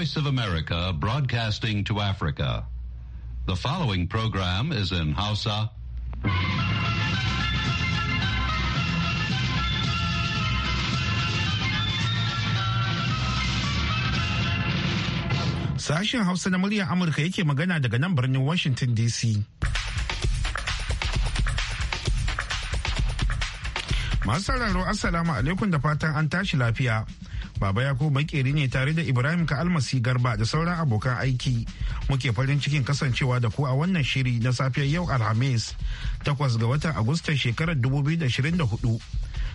Voice of America broadcasting to Africa. The following program is in Hausa. Sashen Hausa na muryar Amurka yake magana daga nan birnin Washington DC. Masu sauraro Assalamu alaikum da fatan an tashi lafiya. Baba ya ko Makeri ne tare da Ibrahim ka almasi Garba da sauran abokan aiki. Muke farin cikin kasancewa da ku a wannan shiri na safiyar yau Alhamis, takwas ga watan agusta shekarar 2024.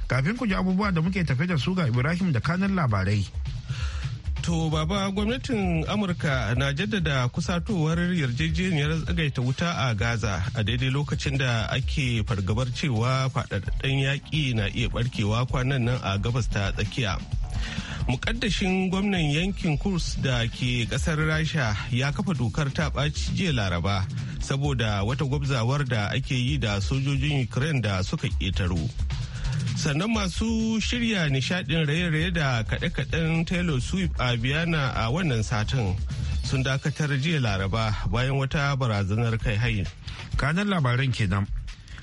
Kafin ku ji abubuwa da muke tafe da su ga Ibrahim da kanan labarai. To baba gwamnatin Amurka na jaddada kusatowar yarjejeniyar tsagaita wuta a Gaza a daidai lokacin da ake fargabar cewa fadaddan yaƙi na iya barkewa kwanan nan a gabas ta tsakiya. mukaddashin gwamnan yankin kurs da ke kasar rasha ya kafa dokar ta ɓaci jiya laraba saboda wata gwabzawar da ake yi da sojojin ukraine da suka ƙetaro sannan masu shirya nishadin raye-raye da kaɗe-kaɗen taylor swift a biyana a wannan satin sun dakatar jiya laraba bayan wata barazanar kai hayin kanan labaran kenan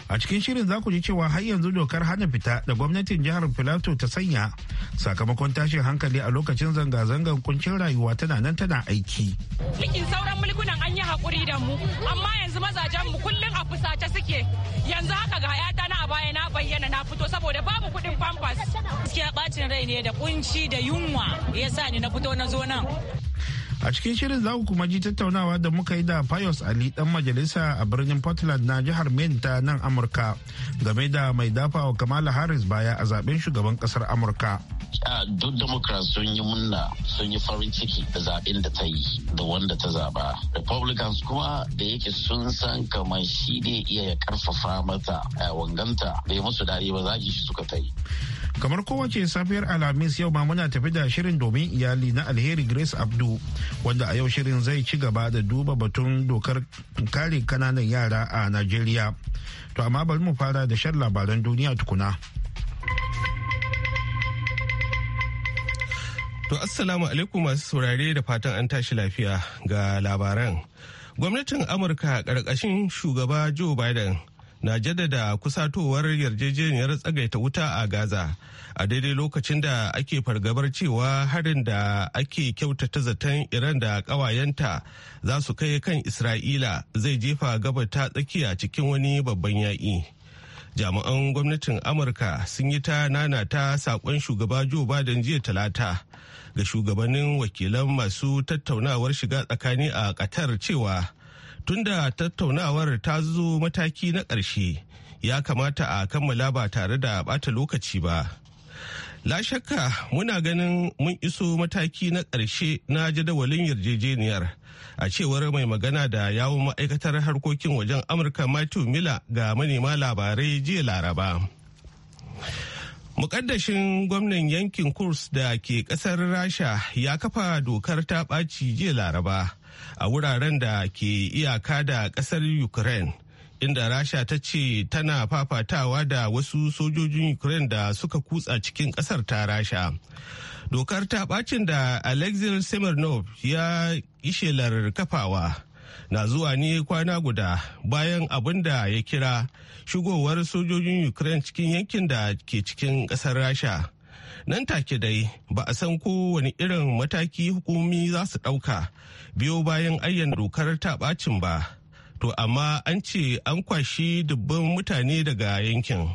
a cikin shirin za ku ji cewa har yanzu dokar hana fita da gwamnatin jihar filato ta sanya sakamakon tashin hankali a lokacin zanga-zangar kuncin rayuwa tana nan tana aiki cikin sauran mulkunan an yi hakuri da mu amma yanzu mazajen mu kullum a fusace suke yanzu haka ga yata na a baya na bayyana na fito saboda babu kuɗin famfas. gaskiya bacin rai ne da kunci da yunwa yasa ni na fito na zo nan A cikin shirin za ku kuma ji tattaunawa da muka yi da Pius Ali dan majalisa a birnin Portland na jihar Maine ta nan Amurka game da mai dafawa wa Kamala Harris baya a zaben shugaban kasar Amurka. Duk Democrats sun yi munna sun yi farin ciki da zaben da ta yi da wanda ta zaba. Republicans kuma da yake sun san kamar shi ne iya ya karfafa mata wanganta bai musu dare ba zaki shi suka ta yi. kamar kowace safiyar alhamis yau ma muna tafi da shirin domin iyali na alheri grace abdu wanda a yau shirin zai ci gaba da duba batun dokar kare kananan yara a najeriya to amma bari mu fara da shan labaran duniya tukuna to assalamu alaikum masu saurare da fatan an tashi lafiya ga labaran gwamnatin amurka ƙarƙashin shugaba joe biden na jaddada kusatowar yarjejeniyar tsagaita wuta a Gaza a daidai lokacin da ake fargabar cewa harin da ake kyautata zaton Iran da kawayenta za su kai kan Isra'ila zai jefa gaba ta tsakiya cikin wani babban yaƙi. Jami'an gwamnatin Amurka sun yi ta nana ta saƙon shugaba Joe Biden jiya talata ga shugabannin wakilan masu tattaunawar shiga tsakani a Qatar cewa tunda tattaunawar ta zo mataki na ƙarshe ya kamata a kammala ba tare da ɓata lokaci ba la shakka muna ganin mun iso mataki na ƙarshe na jadawalin yarjejeniyar a cewar mai magana da yawon ma'aikatar harkokin wajen amurka matthew miller ga manema labarai jiya laraba Mukaddashin gwamnan yankin Kurs da ke ƙasar Rasha ya kafa dokar ta ɓaci jiya Laraba a wuraren da ke iyaka da kasar ukraine inda rasha ta ce tana fafatawa da wasu sojojin ukraine da suka kutsa cikin kasar ta rasha dokar ta bacin da alexei semenov ya yi shelar kafawa na zuwa ne kwana guda bayan abin da ya kira shigowar sojojin ukraine cikin yankin da ke cikin kasar rasha nan take dai ba a san kowane irin mataki hukumi za su ɗauka biyo bayan ayyana dokar ta ɓacin ba to amma an ce an kwashi dubban mutane daga yankin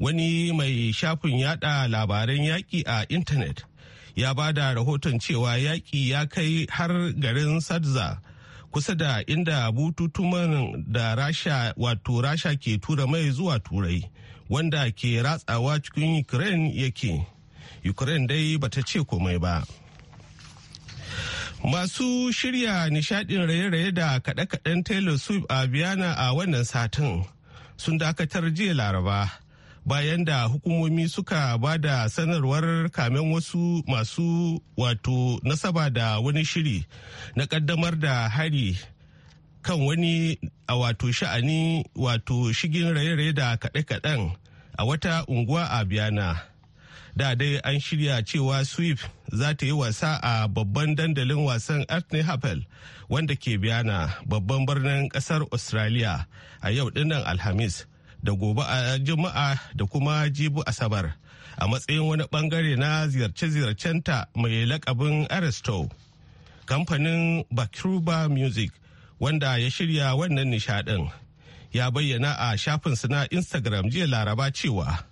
wani mai shafin yada labaran yaƙi a intanet ya ba da rahoton cewa yaƙi ya kai har garin sadza kusa da inda bututuman da rasha wato rasha ke tura mai zuwa turai wanda ke ratsawa cikin ukraine yake. ukraine dai ba ta ce komai ba masu shirya nishadin raye-raye da kaɗe-kaɗen taylor swift a biyana a wannan satin sun dakatar jiya laraba bayan da hukumomi suka ba da sanarwar kamen wasu masu wato nasaba da wani shiri na kaddamar da hari kan wani a wato sha'ani wato shigin raye-raye da kaɗe-kaɗen a wata unguwa a biyana da dai an shirya cewa swift za ta yi wasa a babban dandalin wasan Anthony Hapel wanda ke biyana babban birnin kasar Australia a yau dinnan Alhamis da gobe a Juma'a da kuma Jibu Asabar a matsayin wani bangare na ziyarce ta mai lakabin Aristo. Kamfanin Bakruba Music wanda ya shirya wannan nishadin ya bayyana a shafinsa na Instagram jiya Laraba cewa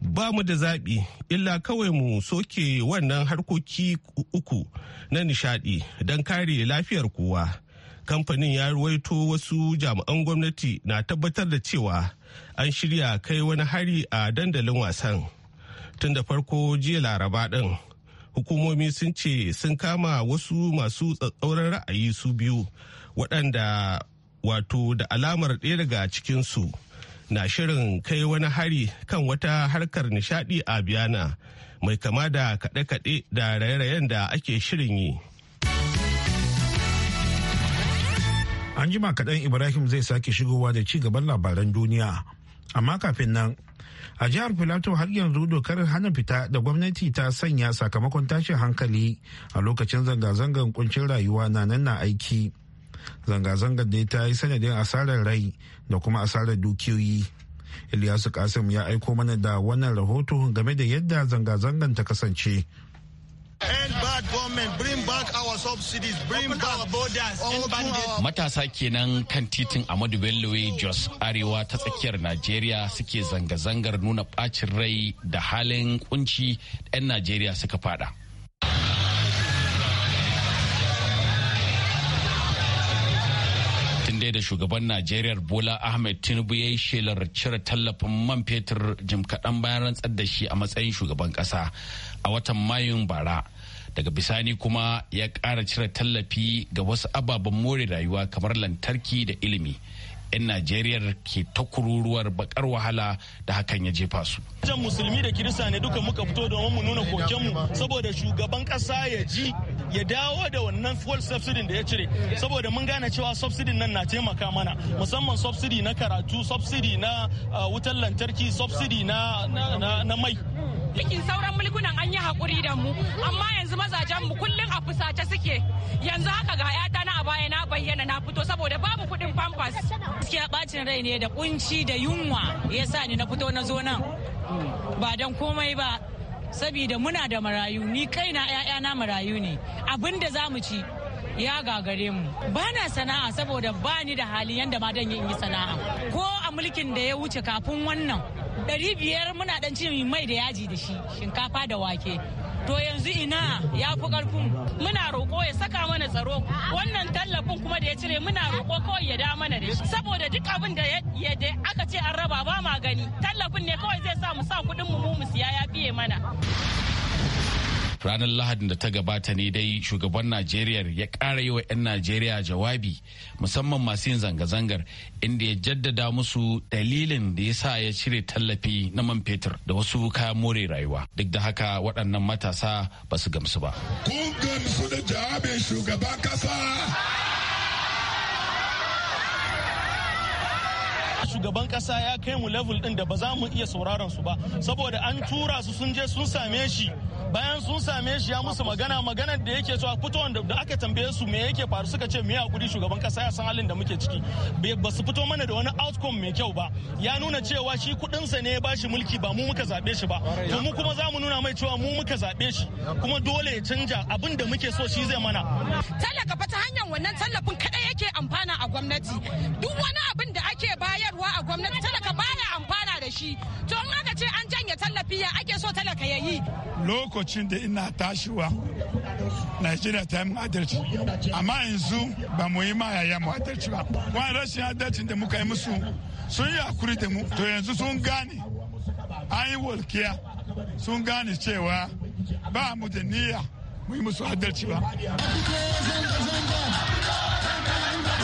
ba mu da zaɓi illa kawai mu soke wannan harkoki uku na nishaɗi don kare lafiyar kowa. kamfanin ya ruwaito wasu jami'an gwamnati na tabbatar da cewa an shirya kai wani hari a dandalin wasan tun da farko jiya laraba ɗin hukumomi sun ce sun kama wasu masu tsatsauran ra'ayi su biyu waɗanda wato da alamar ɗaya daga cikinsu na shirin kai wani hari kan wata harkar nishadi a biyana mai kama da kaɗe-kaɗe da raye-rayen da ake shirin yi. An jima kaɗan Ibrahim zai sake shigowa da ci gaban labaran duniya. Amma kafin nan, a jihar Filato har yanzu dokar hana fita da gwamnati ta sanya sakamakon tashin hankali a lokacin zanga-zangar kuncin rayuwa na nan na aiki. zanga-zangar da ta yi sanadin asarar rai da kuma asarar dukiyoyi ilyasu kasim ya aiko mana da wannan rahoto game da yadda zanga-zangar ta kasance Matasa kenan kan titin Amadu Bello Jos Arewa ta tsakiyar Najeriya suke zanga-zangar nuna ɓacin rai da halin kunci 'yan Najeriya suka fada. dai da shugaban Najeriya Bola Ahmed Tinubu ya yi shelar cire tallafin man fetur jim kaɗan bayan rantsar da shi a matsayin shugaban ƙasa a watan Mayun bara. Daga bisani kuma ya ƙara cire tallafi ga wasu ababen more rayuwa kamar lantarki da ilimi. 'yan Najeriya ke ta bakar wahala da hakan ya jefa su. Jan musulmi da kirista ne duka muka fito domin mu nuna kokenmu saboda shugaban kasa ya ji ya dawo da wannan fuel subsidy da ya cire saboda mun gane cewa subsidy nan na taimaka mana musamman subsidy na karatu subsidy na uh, wutar lantarki subsidy na mai mulkin sauran mulkunan an yi hakuri da mu amma yanzu mazajen mu kullum a fusace suke yanzu haka ga yata na a na bayyana na fito saboda babu kuɗin pampas gaskiya bacin rai ne da kunci da yunwa yasa ni na fito na zo nan ba dan komai ba saboda muna da marayu ni kaina na marayu ne abin da zamu ci ya gagare mu ba na sana'a saboda ba ni da hali yanda ma dan yi sana'a ko a mulkin da ya wuce kafin wannan ɗari biyar muna ɗan cin mai da yaji da shi shinkafa da wake to yanzu ina ya fi ƙarfin muna roƙo ya saka mana tsaro wannan tallafin kuma da ya cire muna roƙo kawai ya da mana da shi saboda duk abin da aka ce an raba ba ma gani tallafin ne kawai zai sa mu sa kuɗin mu mu siya ya fiye mana ranar lahadin da ta gabata ne dai shugaban najeriya ya ƙara yi wa 'yan najeriya jawabi musamman masu yin zanga-zangar inda ya jaddada musu dalilin da ya sa ya cire tallafi na man fetur da wasu kayan more rayuwa duk da haka waɗannan matasa ba su gamsu ba kun gamsu da jawabin shugaban kasa shugaban kasa ya kai mu level din da ba za mu iya sauraron su ba saboda an tura su sun je sun same shi bayan sun same shi ya musu magana maganar da yake cewa fito da aka tambaye su me yake faru suka ce me hakuri shugaban kasa ya san halin da muke ciki ba su fito mana da wani outcome mai kyau ba ya nuna cewa shi sa ne ya bashi mulki ba mu muka zabe shi ba to mu kuma za mu nuna mai cewa mu muka zabe shi kuma dole ya canja abin da muke so shi zai mana tallaka fata ta hanyar wannan tallafin kada yake amfana a gwamnati duk wani abin ake bayarwa a gwamnati talaka baya amfana da shi to in aka ce an janye tallafi ya ake so talaka ya yi lokacin da ina tashiwa Najeriya ta yi adalci amma yanzu ba mu yi ma yaya mu adalci ba wani rashin adalcin da muka yi musu sun yi hakuri da mu to yanzu sun gane an yi walkiya sun gane cewa ba mu da niyya mu yi musu adalci ba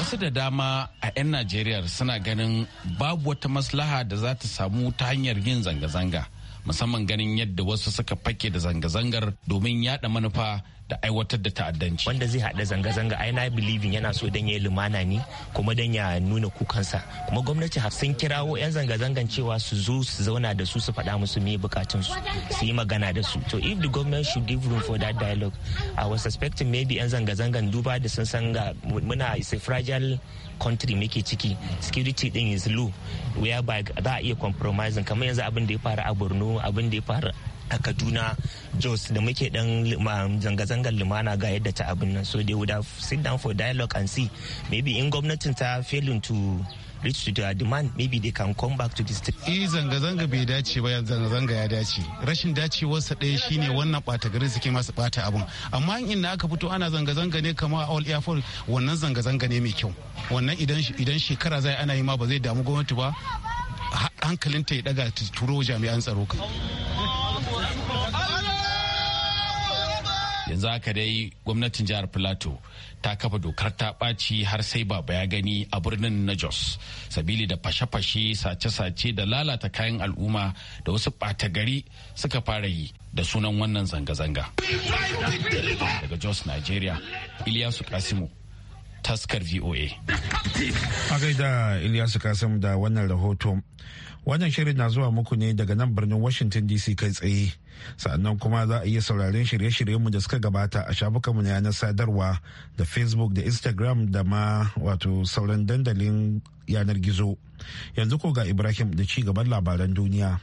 wasu da dama a 'yan najeriya suna ganin babu wata maslaha da za ta samu ta hanyar yin zanga-zanga musamman ganin yadda wasu suka fake da zanga-zangar domin yada manufa da aiwatar da ta'addanci wanda zai haɗa zanga-zanga ai na believing yana so dan ya lumana ni kuma dan ya nuna kukansa kuma gwamnati sun kirawo 'yan zanga-zangan cewa su zo su zauna da su su faɗa musu me bukatun su su yi magana da su to if the government should give room for that dialogue i was suspecting maybe 'yan zanga-zangan duba da sun san muna is a fragile country muke ciki security din is low whereby za a iya compromising kamar yanzu abin da ya faru a borno abin da ya faru a kaduna jos da muke dan zanga-zangar lumana ga yadda ta abin nan so dai would sit down for dialogue and see maybe in gwamnatin ta failing to reach to their demand maybe they can come back to the state. Eh zanga-zanga bai dace ba zanga-zanga ya dace. Rashin dacewarsa ɗaya shine wannan bata garin suke masu bata abun. Amma in na aka fito ana zanga-zanga ne kamar all force wannan zanga-zanga ne mai kyau. Wannan idan shekara zai ana yi ma ba zai damu gwamnati ba hankalinta ya daga turo jami'an tsaro. yanzu haka dai gwamnatin jihar plateau ta kafa dokar ta ɓaci har sai baba ya gani a birnin na jos sabili da fashe-fashe sace-sace da lalata kayan al'umma da wasu ɓata gari suka fara yi da sunan wannan zanga-zanga daga jos nigeria iliyasu kasimu taskar voa a gaida iliyasu kasimu da wannan rahoton Wannan shirin na zuwa muku ne daga nan birnin Washington DC kai tsaye. Sannan kuma za a iya sauraren shirye-shiryenmu da suka gabata a shafukanmu na yanar sadarwa da Facebook da Instagram da ma wato sauran dandalin yanar gizo. Yanzu ko ga Ibrahim da ci gaban labaran duniya.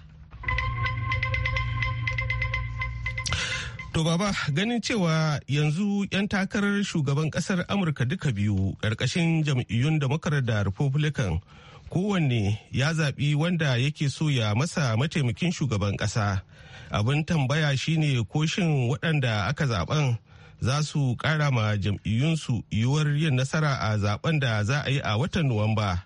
To baba ganin cewa yanzu 'yan takarar shugaban kasar Amurka duka biyu ƙarƙashin jam'iyyun da da Republican kowanne ya zaɓi wanda yake so ya masa mataimakin shugaban ƙasa abin tambaya shine ko shin waɗanda aka zaɓen za su ƙara ma jam'iyyunsu yiwuwar yin nasara a zaɓen da za a yi a watan nuwamba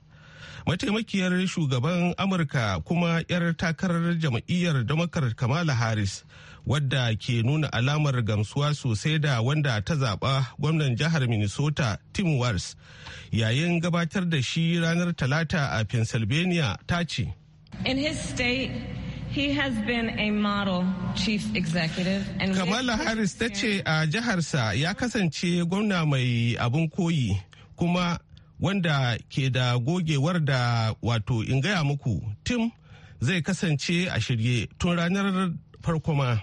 mataimakiyar shugaban amurka kuma 'yar takarar jam'iyyar damakar kamala harris wadda ke nuna alamar gamsuwa sosai da wanda ta zaba gwamnan jihar minnesota tim wars yayin gabatar da shi ranar talata a pennsylvania ta ce in his state He has been a model Kamala Harris ta ce a jiharsa ya kasance gwamna mai abin koyi kuma wanda ke da gogewar da wato in gaya muku Tim zai kasance a shirye tun ranar farko ma.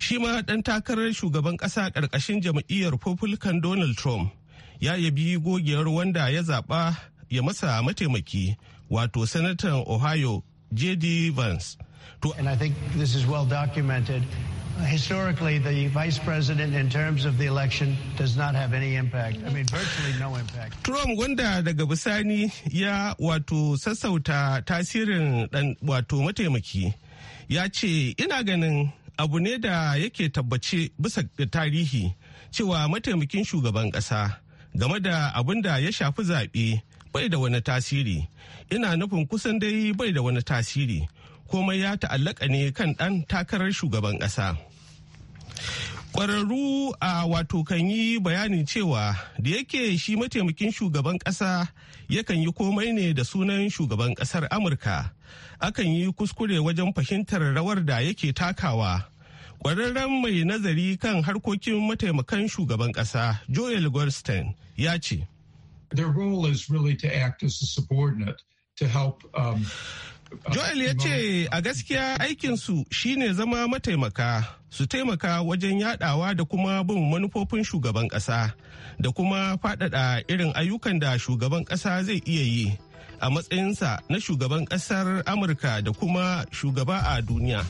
shi ma ɗan takarar shugaban ƙasa ƙarƙashin jam'iyyar Republican Donald Trump ya yabi gogiyar wanda ya zaba ya masa mataimaki wato senator Ohio J.D. Vance. To, and I think this is well documented. Historically, the vice president, in terms of the election, does not have any impact. I mean, virtually no impact. Trump wanda daga bisani ya wato sassauta tasirin dan wato mataimaki ya ce ina ganin abu ne da yake tabbace bisa tarihi cewa mataimakin shugaban ƙasa game da abin da ya shafi zaɓe bai da wani tasiri ina nufin kusan dai bai da wani tasiri komai ya ta'allaka ne kan ɗan takarar shugaban ƙasa ƙwararru a wato kan yi bayanin cewa da yake shi mataimakin shugaban ƙasa yakan yi komai ne da sunan shugaban ƙasar amurka akan yi kuskure wajen fahimtar rawar da yake takawa Kwararren mai nazari kan harkokin mataimakan shugaban kasa Joel Goldstein ya ce. Um, uh, Joel ya ce a gaskiya aikinsu shine zama mataimaka su taimaka wajen yadawa da kuma bin manufofin shugaban kasa da kuma fadada irin ayyukan da shugaban kasa zai iya yi a matsayinsa na shugaban kasar Amurka da kuma shugaba a duniya.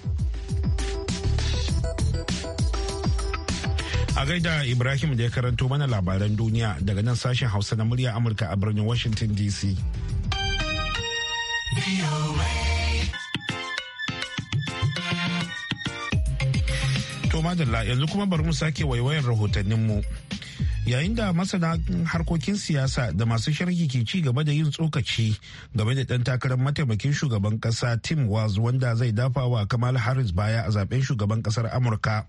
A gaida Ibrahim da ya karanto mana labaran duniya daga nan sashen Hausa na murya Amurka a birnin Washington DC. To madalla yanzu kuma bari mu sake waiwayar rahotanninmu. yayin da masana harkokin siyasa da masu sharhi ke ci gaba da yin tsokaci game da ɗan takarar mataimakin shugaban ƙasa tim waz wanda zai dafa wa kamal harris baya a zaben shugaban ƙasar amurka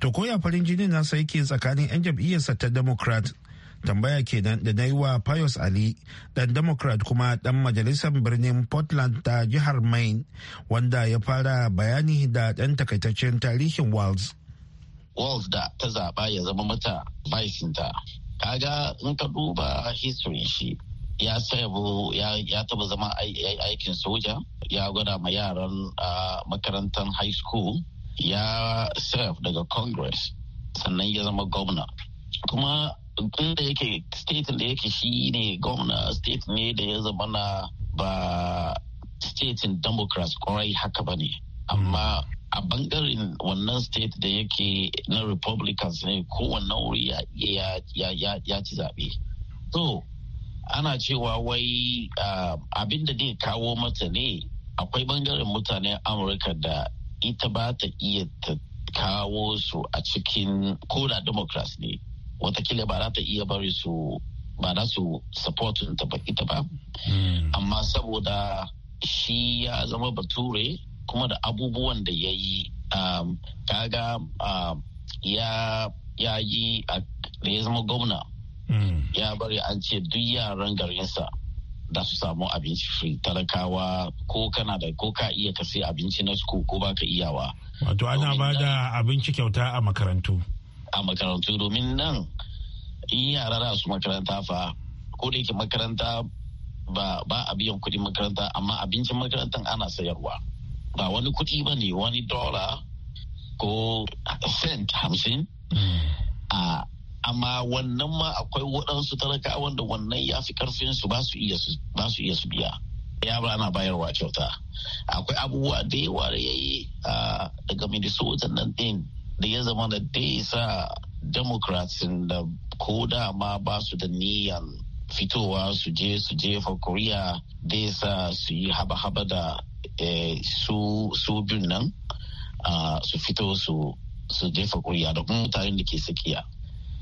to koya farin jinin nasa yake tsakanin 'yan jam'iyyarsa ta democrat tambaya kenan da na yi wa pius ali dan democrat kuma ɗan majalisar birnin portland ta jihar Main wanda ya fara bayani da ɗan takaitaccen tarihin walz Wales da ta zaba ya zama mata vicinta. Kaga in ka duba history shi ya sayabu ya taba zama aikin soja ya gwada ma yaran makarantar high school ya serve daga congress sannan ya zama gwamna kuma inda yake state da yake shi ne gwamna state ne da ya zama na ba state in democrats kwarai haka ba ne amma a bangaren wannan state da yake na republicans ne ko wannan wuri ya ci zaɓe so ana cewa wai abin da zai kawo mata ne akwai bangaren mutanen amurka da ita ba ta iya ta kawo su a cikin koda democrats ne watakila ba za ta iya bari su ba za su supportin ta ita ba hmm. amma saboda shi ya zama bature kuma da abubuwan da ya yi um, kaga um, ya yi da ya zama gwamna hmm. ya bari an ce duk yaran garinsa da su samu abinci free talakawa ko kana da ko ka iya ka sai abinci na suku ko baka iyawa wato ana ba da abinci kyauta a makarantu a makarantu domin nan in yara da su makaranta fa ko da yake makaranta ba a biyan kudin makaranta amma abincin makarantar ana sayarwa ba wani kuɗi ba ne wani dola ko cent hamsin hmm. ah, amma wannan ma akwai waɗansu talaka wanda wannan ya fi karfin su ba su iya su biya ya ba ana bayarwa kyauta akwai abubuwa da yawa da ya yi ah, daga minnesota nan din da ya zama da dai sa democrats da ko da ma ba su da niyan fitowa su je su jefa koriya sa su yi haba-haba da eh, su bin nan su fito su jefa kuriya da kuma mutanen da ke sakiya.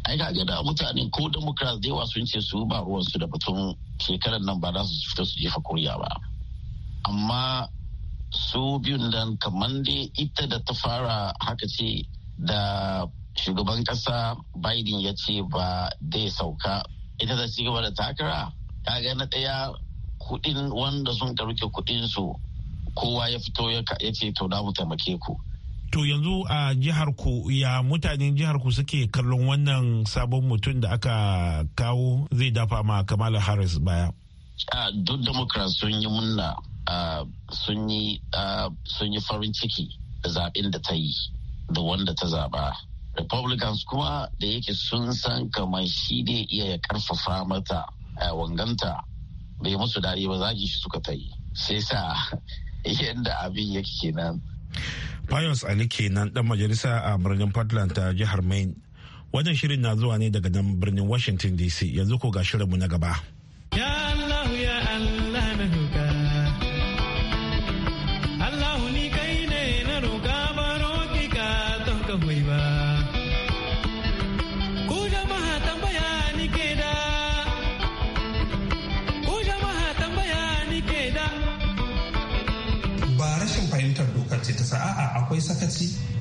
ai ga da mutane ko democrats da yawa sun ce su ba ruwansu da batun shekarar nan ba za su fito su jefa kuriya ba amma su biyun nan kamar dai ita da ta fara haka ce da shugaban kasa biden ya ce ba zai sauka ita ta ci gaba da takara ta ga na ɗaya kuɗin wanda sun rike kuɗin su kowa ya fito ya ce to da mu taimake ku To yanzu a jihar ku ya mutanen jihar ku suke kallon wannan sabon mutum da aka kawo zai dafa ma Kamala Harris baya. A duk Democrats sun yi munna sun yi farin ciki da zaɓen da ta yi da wanda ta zaɓa. republicans kuma da yake sun san kamar shi ne iya ya karfafa mata eh, wanganta bai musu dadi ba zagi shi suka ta yi sai sa yadda abin yake kenan Pius Ali kenan dan majalisa a birnin Portland ta jihar Maine. Wajen shirin na zuwa ne daga nan birnin Washington DC yanzu ko ga shirinmu na gaba. Yeah!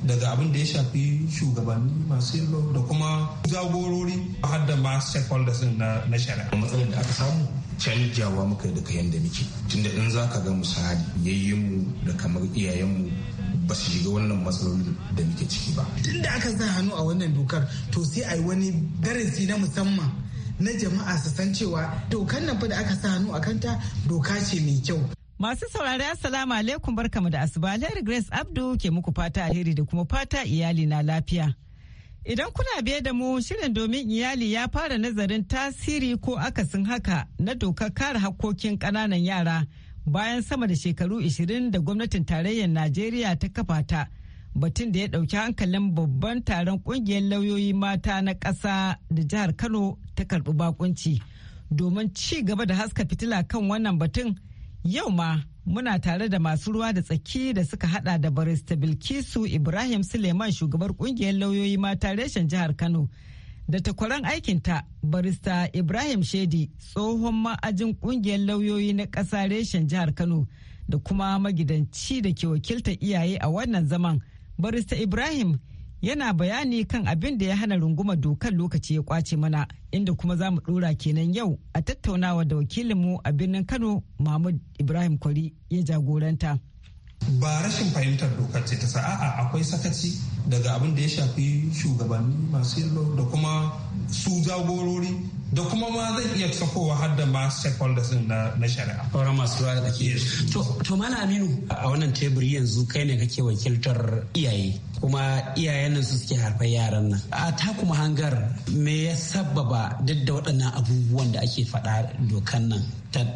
daga abin da ya shafi shugabanni masu yalo da kuma jagorori har da ma stakeholders na shari'a matsalar da aka samu canjawa muka yi daga yadda muke tunda in za ka ga misali mu da kamar iyayen mu ba su shiga wannan matsalolin da muke ciki ba tunda aka sa hannu a wannan dokar to sai a wani darasi na musamman na jama'a su san cewa dokar nan fa da aka sa hannu a kanta doka ce mai kyau Masu saurari Assalamu alaikum barkamu da asuba Alheri Grace Abdu ke muku fata alheri da kuma fata iyali na lafiya. Idan kuna biye da mu shirin domin iyali ya fara nazarin tasiri ko akasin haka na dokar kare hakkokin ƙananan yara bayan sama da shekaru 20 da gwamnatin tarayyar Najeriya ta kafa ta batun da ya ɗauki hankalin babban taron ƙungiyar lauyoyi mata na ƙasa da jihar Kano ta karɓi bakunci domin ci gaba da haska fitila kan wannan batun. Yau ma muna tare da masu ruwa da tsaki da suka hada da barista Bilkisu Ibrahim Suleiman shugabar kungiyar lauyoyi mata reshen jihar Kano da takwaran aikinta barista Ibrahim Shedi tsohon ma'ajin kungiyar lauyoyi na ƙasa reshen jihar Kano da kuma magidanci da ke wakilta iyaye a wannan zaman. Barista Ibrahim yana bayani kan abin da ya hana runguma dokar lokaci ya kwace mana inda kuma za mu dora kenan yau a tattaunawa da wakilinmu a birnin kano mahmud ibrahim kwari ya jagoranta ba rashin fahimtar dokar ce ta sa'a akwai sakaci daga abin da ya shafi shugabanni masu yin da kuma su jagorori da kuma ma zan iya tsakowa har da ma stakeholders din na shari'a. Sauran masu ruwa da ke. To Malam Aminu a wannan teburi yanzu kai ne kake wakiltar iyaye kuma iyayen nan su suke harfar yaran nan. A ta kuma hangar me ya sababa duk da waɗannan abubuwan da ake faɗa dokan nan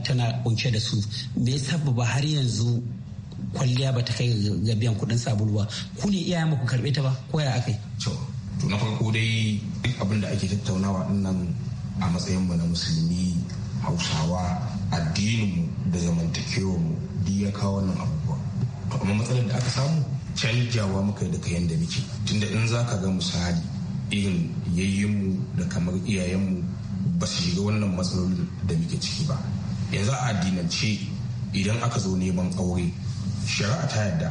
tana kunshe da su me ya sababa har yanzu kwalliya ba ta kai ga biyan kuɗin sabulu ba ku ne iyayen ku karɓe ta ba ko ya aka yi. To na farko dai abin ake tattaunawa ɗin nan a matsayinmu na musulmi hausawa addininmu da zamantakewarmu duk ya kawo wannan abubuwa to amma matsalar da aka samu canjawa muka da kayan da muke tunda in za ka ga misali irin mu da kamar iyayenmu ba su shiga wannan matsalolin da muke ciki ba yanzu a addinance idan aka zo neman aure shari'a ta yadda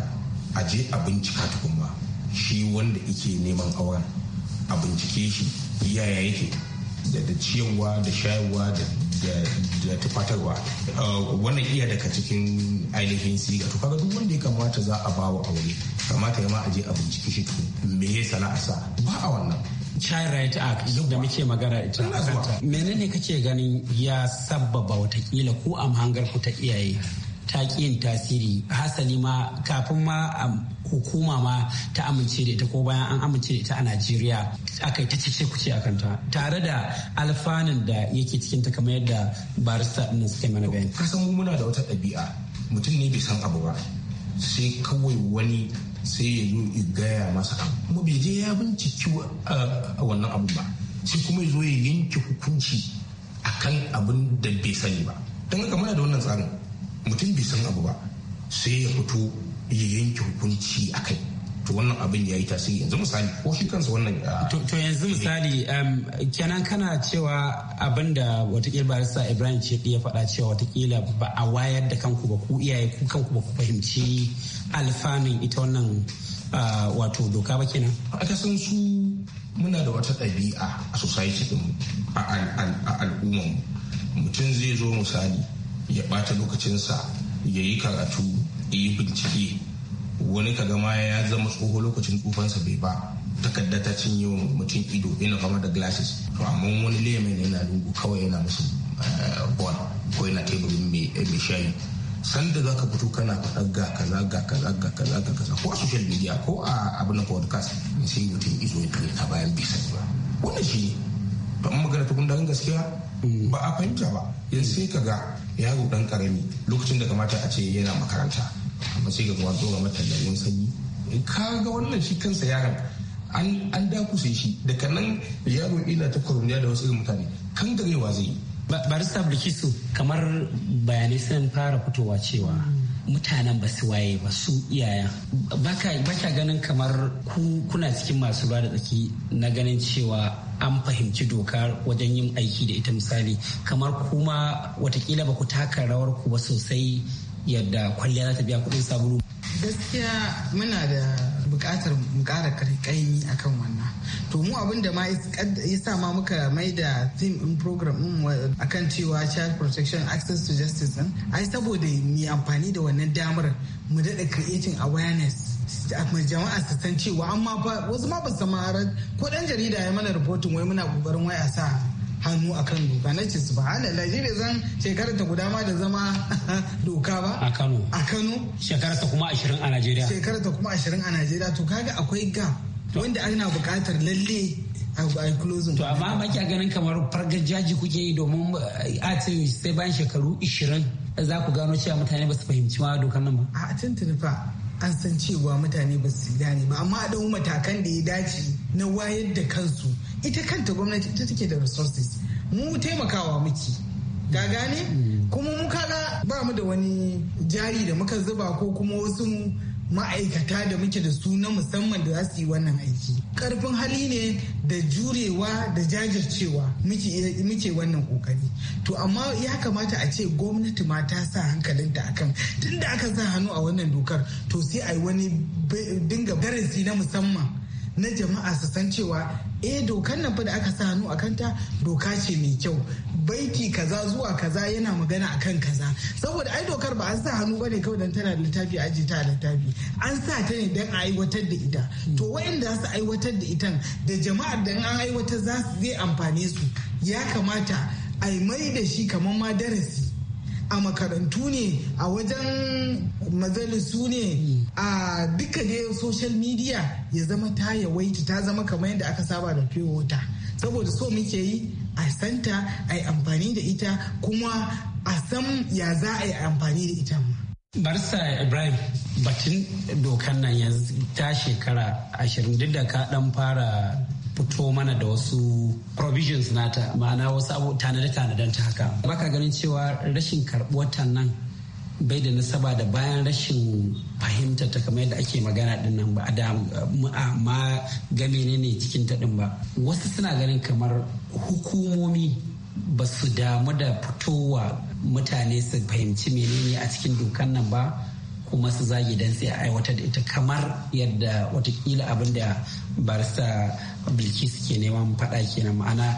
a je a bincika tukunma shi wanda ike neman auren a bincike shi iyaye. yake da ciyarwa da shayarwa da tufatarwa uh, wannan iya daga cikin ainihin siga to kaga duk wanda ya kamata za a ba wa aure kamata ya ma a je a binciki shi me ya sana'a sa ba a wannan child right act da muke magana ita menene kake ganin ya sabbaba watakila ko a ku ta iyaye ta ƙi yin tasiri hasali ma kafin ma hukuma ma ta amince da ita ko bayan an amince da ita a najeriya aka yi ta cece kuce a kanta tare da alfanun da yake cikin ta kamar yadda barista ɗin suka mana bayani ka san muna da wata ɗabi'a mutum ne bai san abu ba sai kawai wani sai ya zo ya gaya masa kuma bai je ya binciki wannan abu ba sai kuma ya zo ya yanke hukunci akan abin da bai sani ba don haka muna da wannan tsarin mutum bai san abu ba sai ya fito ya yanke hukunci a kai to wannan abin ya yi tasiri yanzu misali ko shi kansa wannan ah, to yanzu misali um, kenan kana cewa abin da watakila barista ibrahim ce ya faɗa cewa watakila ba a wayar da kanku ba ku iyaye ku kanku ba ku fahimci alfanun ita wannan ah, wato doka ba kenan a san su muna da wata ɗabi'a a society din a al'umman mutum zai zo misali ya ɓata lokacinsa ya yi karatu ya yi bincike wani kaga ma ya zama tsoho lokacin tsufansa bai ba takarda ta cinye wa mutum ido ina kama da glasses to amma wani lemon yana lungu kawai yana musu eh, ball ko yana teburin eh, mai shayi sanda za ka fito kana faɗa ga kaza ga kaza ga kaza ga kaza ko a social media ko a abin na podcast sai mutum izo ya kare ta bayan bisa wannan shi ne ba in magana ta gundarin gaskiya mm. ba a fahimta ba yanzu sai ka ga yaro dan karami lokacin da kamata a ce yana makaranta amma sai ga wato zuwa matallayin sanyi ka ga wannan shi kansa yaron an dakuse shi daga nan yaro ina ta kwaruniya da wasu mutane kan garewa zai yi barista bulkisu kamar bayanai sun fara fitowa cewa mutanen ba su waye ba su iyayen ba ka ganin kamar ku kuna cikin masu ba da tsaki na ganin cewa an fahimci doka wajen yin aiki da ita misali kamar kuma watakila ba ku taka rawar ku ba sosai yadda kwalliya za ta biya kuɗin sabulu. gaskiya muna da buƙatar mu ƙara ƙaimi akan wannan to mu abin da ma ya sa ma muka mai da theme in program din akan cewa child protection access to justice in ai saboda mu amfani da wannan damar mu daɗa creating awareness jama'a su san cewa amma ba wasu ma ba su samarar ko dan jarida ya mana rahoton wai muna kokarin waya sa hannu a kan doka na ce su ba a shi ne zan shekarar ta guda ma da zama doka ba a kano a kano shekarar ta kuma ashirin a najeriya shekarar ta kuma ashirin a najeriya to kaga akwai ga wanda ana buƙatar lalle To amma ba kya ganin kamar fargajaji kuke yi domin eh, a ce sai bayan shekaru 20 za ku gano cewa mutane ba su fahimci ma dokar nan ba. A tuntuni fa an san cewa mutane ba su gane ba amma a ɗau matakan da ya dace na wayar da kansu ita kanta gwamnati ita take da resources mu taimakawa muke ga gane mm. kuma mu ba mu da wani jari da muka zuba ko kuma wasu mu ma'aikata da muke da su na musamman da za su yi wannan aiki karfin hali ne da jurewa da jajircewa muke wannan kokari to amma ya kamata a ce gwamnati ma ta sa hankalinta akan tunda aka sa hannu a wannan dokar to sai a yi wani dinga darasi na musamman na jama'a su san cewa eh dokar nan fa da aka sa hannu a kanta doka ce mai kyau baiti kaza zuwa kaza yana magana akan kaza saboda ai dokar ba an sa hannu bane kawai dan tana da littafi a ta a littafi an sa ta ne dan a aiwatar da ita to wayanda za su aiwatar da ita da jama'ar da an aiwatar za su zai amfane su ya kamata a mai da shi kamar ma darasi a makarantu ne a wajen majalisu ne a duka dai social media ya zama ta yawaita ta zama kamar yadda aka saba da fiye saboda so muke yi a santa a yi amfani da ita kuma a san ya za a yi amfani da ita ma. barsa ibrahim batun dokan nan yanzu ta shekara ashirin duk da ka dan fara fito mana da wasu provisions nata ma'ana wasu abu tanade-tanaden haka baka ganin cewa rashin karɓuwar nan bai da nasaba da bayan rashin fahimta ta kamar yadda ake magana din nan ba da ma ga ne cikin ta ba wasu suna ganin kamar hukumomi ba su damu da fitowa mutane su fahimci menene a cikin dokan nan ba kuma su zagi dan sai a aiwatar da ita kamar yadda watakila abin da barista bilkis ke neman faɗa kenan ma'ana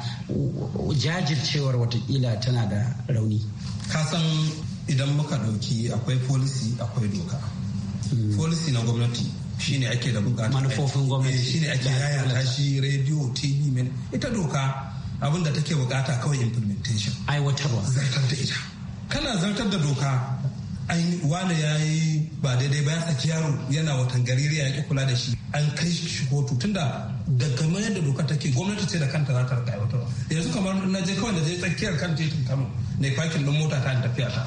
jajircewar watakila tana da rauni kasan idan muka ɗauki akwai policy akwai doka policy na gwamnati shine ake da bukatar manufofin gwamnati eh, shine ake yayata shi radio tv men ita doka abin da take bukata kawai implementation aiwatarwa zartar da ita kana zartar da doka an wani ya yi ba daidai ba ya saki yaro yana watan gariri ya kula da shi an kai shi kotu tunda da kamar yadda doka take gwamnati ce da kanta za ta rika aiwatarwa yanzu kamar na je kawai da je tsakiyar kan titin kano ne fakin don mota ta tafiya ta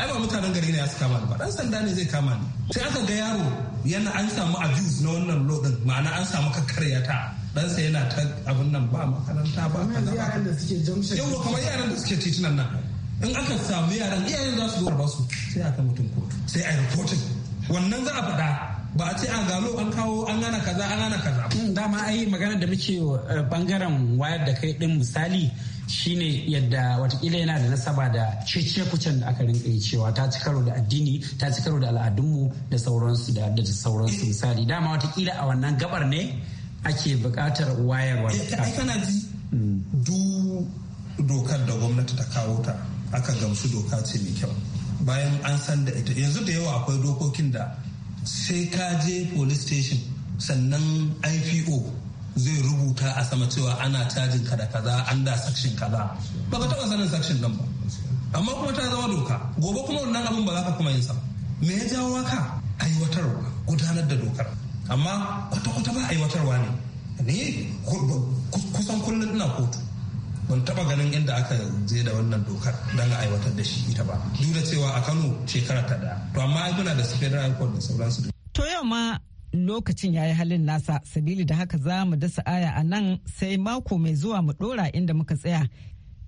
ai ba mutanen gari ne ya saka kama ba dan sanda ne zai kama ni sai aka ga yaro yana an samu abuse na wannan law din ma'ana an samu kakkarya ta sai yana ta abin nan ba makaranta ba kaza ba yaran da suke jamshe yawa kamar yaran da suke titunan nan in aka samu yaran iyayen za su zo ba su sai aka mutum kotu sai a reporting wannan za a faɗa ba a ce a galo an kawo an gana kaza an gana kaza. dama ai magana da muke eh, bangaren wayar da kai din misali shine yadda watakila yana da nasaba da cece kucin da aka rinka yi cewa ta ci karo da addini ta ci karo da al'adunmu da sauransu da da sauransu misali dama watakila a wannan gabar ne ake buƙatar wayarwa eh, kana ji du dokar da gwamnati ta kawo ta aka gamsu doka ce mai kyau bayan an san da ita yanzu da yawa akwai dokokin da sai ka je police station sannan ipo zai rubuta a sama cewa ana cajin ka da kaza an da sakshin kaza ba ka taɓa sanin sakshin nan ba amma kuma ta zama doka gobe kuma wannan abin ba za ka kuma yin sa me ya jawo haka aiwatarwa gudanar da dokar amma kwata-kwata ba aiwatarwa ne ne kusan kullum ina kotu ban taba ganin inda aka je da wannan dokar don aiwatar da shi ita ba duk da cewa a kano shekara ta daya to amma muna da federal court da sauransu to yau ma lokacin ya yi halin nasa sabili da haka za mu dasa aya a nan sai mako mai zuwa mu dora inda muka tsaya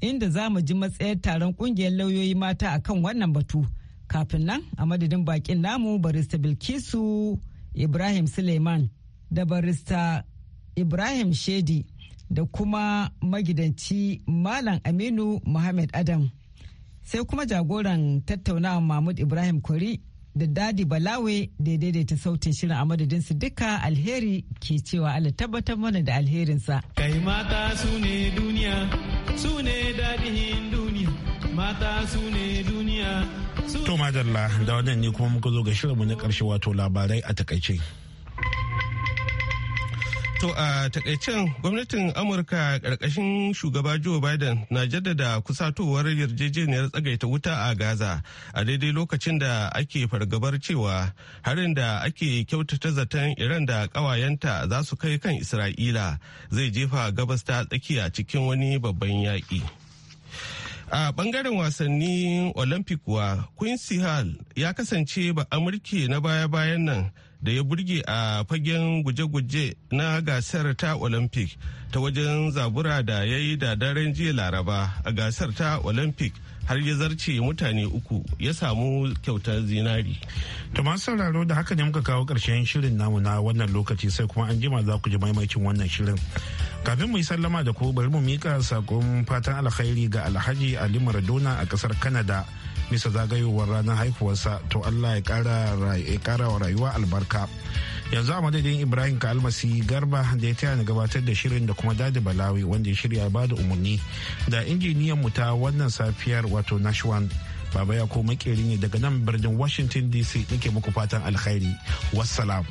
inda za mu ji matsayar taron kungiyar lauyoyi mata a kan wannan batu kafin nan a madadin bakin namu barista bilkisu ibrahim suleiman da barista ibrahim shedi da kuma magidanci malam aminu muhammad adam sai kuma jagoran tattaunawa mahmud ibrahim kori da dadi balawe da daidaita sautin shirin a madadin su duka alheri ke cewa Allah tabbatar mana da alherinsa. Kai mata su ne duniya, su ne dadihin duniya, mata su ne duniya. To madalla da wannan ne kuma muka zo ga shirinmu na karshe wato labarai a takaice. To a takaicen gwamnatin Amurka ƙarƙashin shugaba Joe Biden na jaddada kusatowar yarjejeniyar tsagaita wuta a Gaza a daidai lokacin da ake fargabar cewa harin da ake kyautata zaton Iran da ƙawayenta za su kai kan Isra'ila zai jefa gabas ta tsakiya cikin wani babban yaƙi. a bangaren wasannin olympic wa quincy hall ya kasance ba amurke na baya-bayan nan da ya burge a fagen guje-guje na gasar ta olympic ta wajen zabura da ya yi da daren jiya laraba a gasar ta olympic har ya zarce mutane uku ya samu kyautar zinari. To masu sauraro da haka ne muka kawo ƙarshen shirin namu na wannan lokaci sai kuma an jima za ku ji maimakin wannan shirin. Kafin mu yi sallama da ku bari mu mika sakon fatan alkhairi ga Alhaji Ali Maradona a ƙasar kanada. bisa zagayowar ranar haihuwarsa to allah ya kara wa rayuwa albarka yanzu a madadin ibrahim ka almasi garba da ya taya ni gabatar da shirin da kuma dadi balawi wanda ya shirya ba da umarni da injiniyan mu ta wannan safiyar wato nashwan baba ya ko makeri ne daga nan birnin washington dc nake muku fatan alkhairi wassalam